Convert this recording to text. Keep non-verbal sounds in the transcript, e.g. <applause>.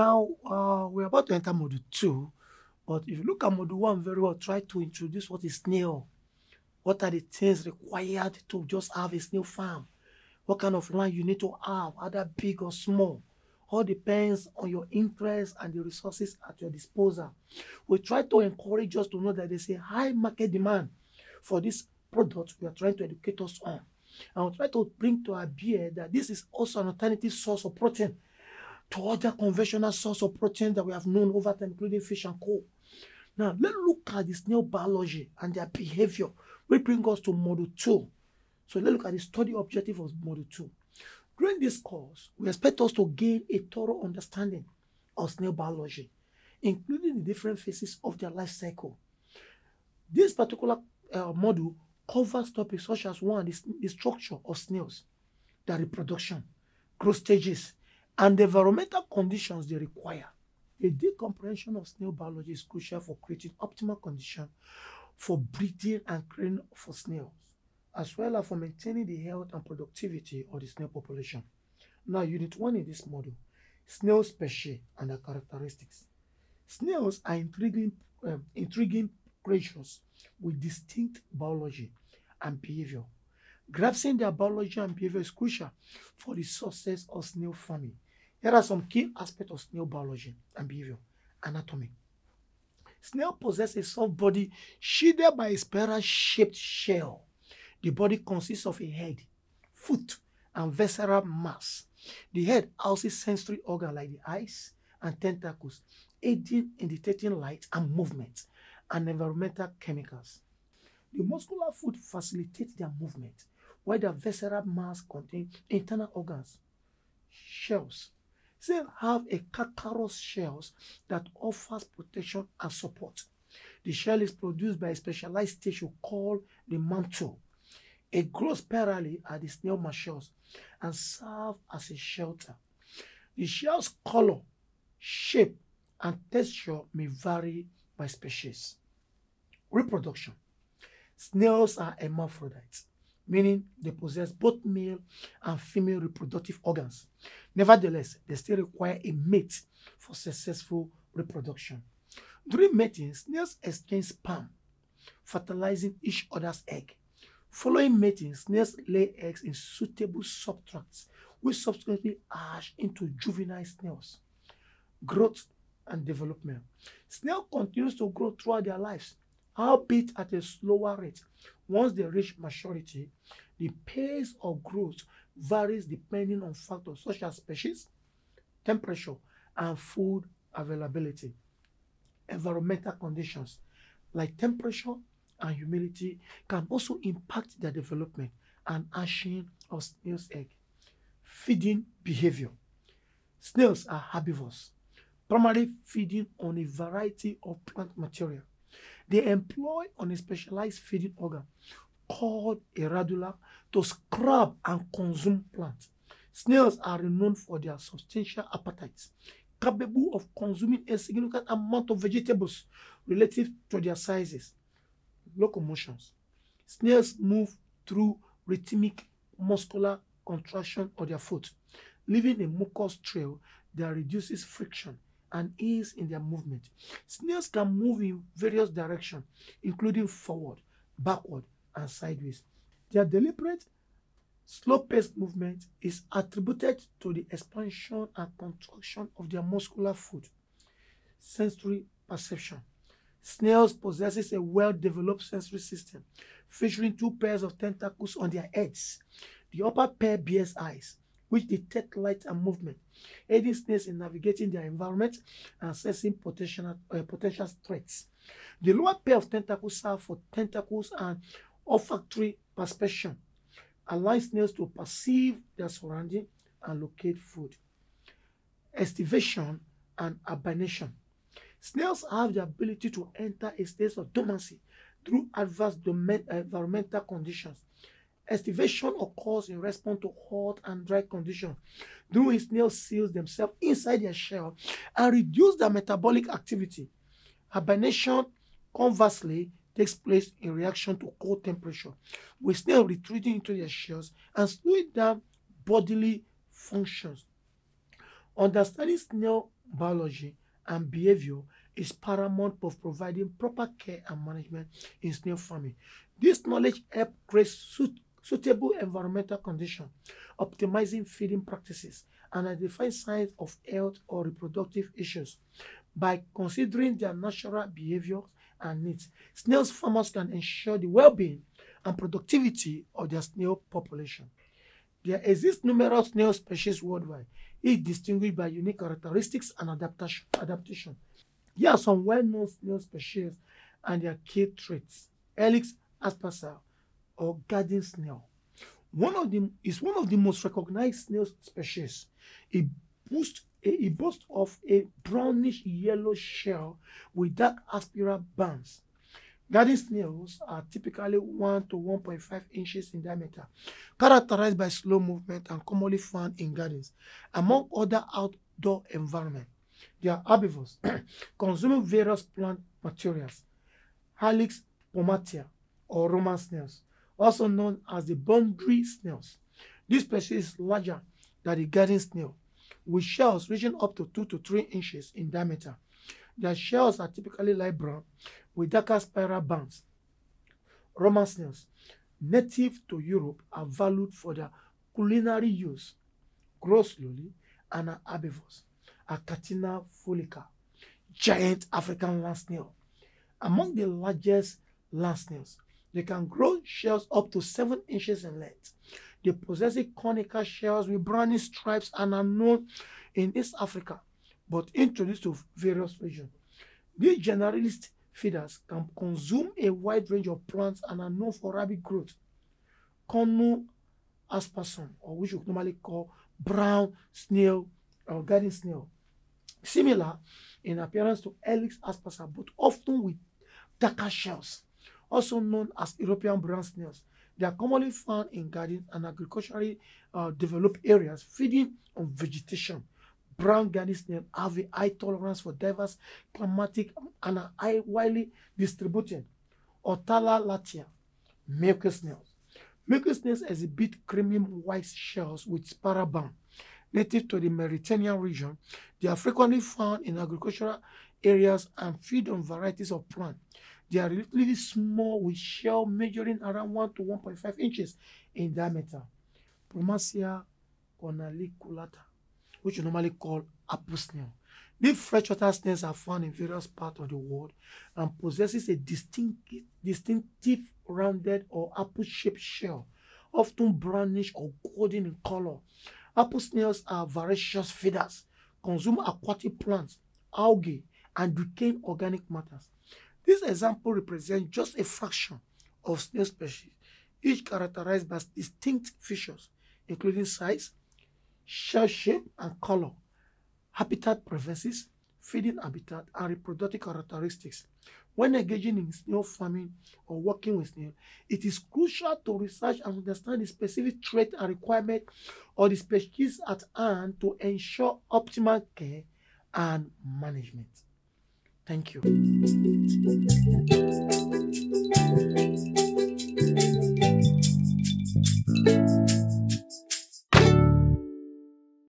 Now, uh, we're about to enter module two, but if you look at module one very well, try to introduce what is snail. What are the things required to just have a snail farm? What kind of land you need to have, either big or small? All depends on your interests and the resources at your disposal. We try to encourage us to know that there's a high market demand for this product we are trying to educate us on. And we try to bring to our beer that this is also an alternative source of protein to other conventional source of protein that we have known over time, including fish and coal. Now, let's look at the snail biology and their behavior, We bring us to model two. So let's look at the study objective of model two. During this course, we expect us to gain a thorough understanding of snail biology, including the different phases of their life cycle. This particular uh, module covers topics such as one, the, the structure of snails, their reproduction, growth stages, and the environmental conditions they require. A deep comprehension of snail biology is crucial for creating optimal conditions for breeding and care for snails, as well as for maintaining the health and productivity of the snail population. Now, Unit 1 in this module: snail species and their characteristics. Snails are intriguing, um, intriguing creatures with distinct biology and behavior. Grasping their biology and behavior is crucial for the success of snail farming here are some key aspects of snail biology and behavior. Anatomy. Snail possess a soft body shielded by a spiral-shaped shell. The body consists of a head, foot, and visceral mass. The head houses sensory organs like the eyes and tentacles, aiding in detecting light and movement, and environmental chemicals. The muscular foot facilitates their movement, while the visceral mass contains internal organs, shells, Snails have a calcareous shells that offers protection and support. The shell is produced by a specialized tissue called the mantle. It grows parallel at the snail shells and serves as a shelter. The shell's color, shape, and texture may vary by species. Reproduction. Snails are hermaphrodites. meaning they possess both male and female reproductive organs. Nevertheless, they still require a mate for successful reproduction. During mating, snails exchange sperm, fertilizing each other's egg. Following mating, snails lay eggs in suitable substrates, which subsequently hatch into juvenile snails. Growth and development. Snail continues to grow throughout their lives, albeit at a slower rate, once they reach maturity, the pace of growth varies depending on factors such as species, temperature, and food availability, environmental conditions like temperature and humidity can also impact their development and hatching of snail's egg. Feeding behavior. Snails are herbivores, primarily feeding on a variety of plant material. They employ on a specialized feeding organ called a radula to scrub and consume plants. Snails are renowned for their substantial appetites, capable of consuming a significant amount of vegetables relative to their sizes. Locomotions. Snails move through rhythmic muscular contraction of their foot, leaving a mucus trail that reduces friction and ease in their movement. Snails can move in various directions, including forward, backward, and sideways. Their deliberate, slow-paced movement is attributed to the expansion and contraction of their muscular foot. Sensory perception. Snails possesses a well-developed sensory system, featuring two pairs of tentacles on their heads. The upper pair bears eyes, which detect light and movement, aiding snails in navigating their environment and assessing potential, uh, potential threats. The lower pair of tentacles serve for tentacles and olfactory perception, allowing snails to perceive their surroundings and locate food. Estivation and hibernation. Snails have the ability to enter a state of dormancy through adverse environmental conditions Estivation occurs in response to hot and dry conditions. Doing snails seals themselves inside their shell and reduce their metabolic activity. Hibernation, conversely, takes place in reaction to cold temperature, with snails retreating into their shells and slowing down bodily functions. Understanding snail biology and behavior is paramount for providing proper care and management in snail farming. This knowledge helps create suitable environmental conditions, optimizing feeding practices, and identifying signs of health or reproductive issues. By considering their natural behaviors and needs, Snails farmers can ensure the well-being and productivity of their snail population. There exist numerous snail species worldwide, each distinguished by unique characteristics and adaptation. adaptation. Here are some well-known snail species and their key traits. Helix aspersa, or garden snail. One of them is one of the most recognized snail species. It boasts a, it boasts of a brownish yellow shell with dark aspera bands. Garden snails are typically 1 to 1.5 inches in diameter, characterized by slow movement and commonly found in gardens, among other outdoor environments. They are herbivores, <clears throat> consuming various plant materials, Halix pomatia, or Roman snails, also known as the boundary snails. This species is larger than the garden snail, with shells reaching up to 2 to 3 inches in diameter. Their shells are typically light brown with darker spiral bands. Roman snails, native to Europe, are valued for their culinary use, grow slowly, and are herbivores. Acatina folica, giant African land snail. Among the largest land snails, They can grow shells up to seven inches in length. They possess conical shells with brownish stripes and are known in East Africa, but introduced to various regions. These generalist feeders can consume a wide range of plants and are known for rapid growth. Cornu aspersum, or which we normally call brown snail or uh, garden snail, similar in appearance to Helix aspersa, but often with darker shells. also known as European brown snails. They are commonly found in gardens and agriculturally uh, developed areas, feeding on vegetation. Brown garden snails have a high tolerance for diverse climatic and are widely distributed. Otala latia, milk snails. Milk snails exhibit creamy white shells with spiral band. Native to the Mediterranean region, they are frequently found in agricultural areas and feed on varieties of plants. They are relatively small with shell measuring around 1 to 1.5 inches in diameter. Pomacea conaliculata, which you normally call snail. These freshwater snails are found in various parts of the world and possesses a distinct, distinctive rounded or apple-shaped shell, often brownish or golden in color. Apple snails are voracious feeders, consume aquatic plants, algae, and decaying organic matters. This example represents just a fraction of snail species, each characterized by distinct features, including size, shell shape and color, habitat preferences, feeding habitat, and reproductive characteristics. When engaging in snail farming or working with snail, it is crucial to research and understand the specific trait and requirement of the species at hand to ensure optimal care and management. Thank you.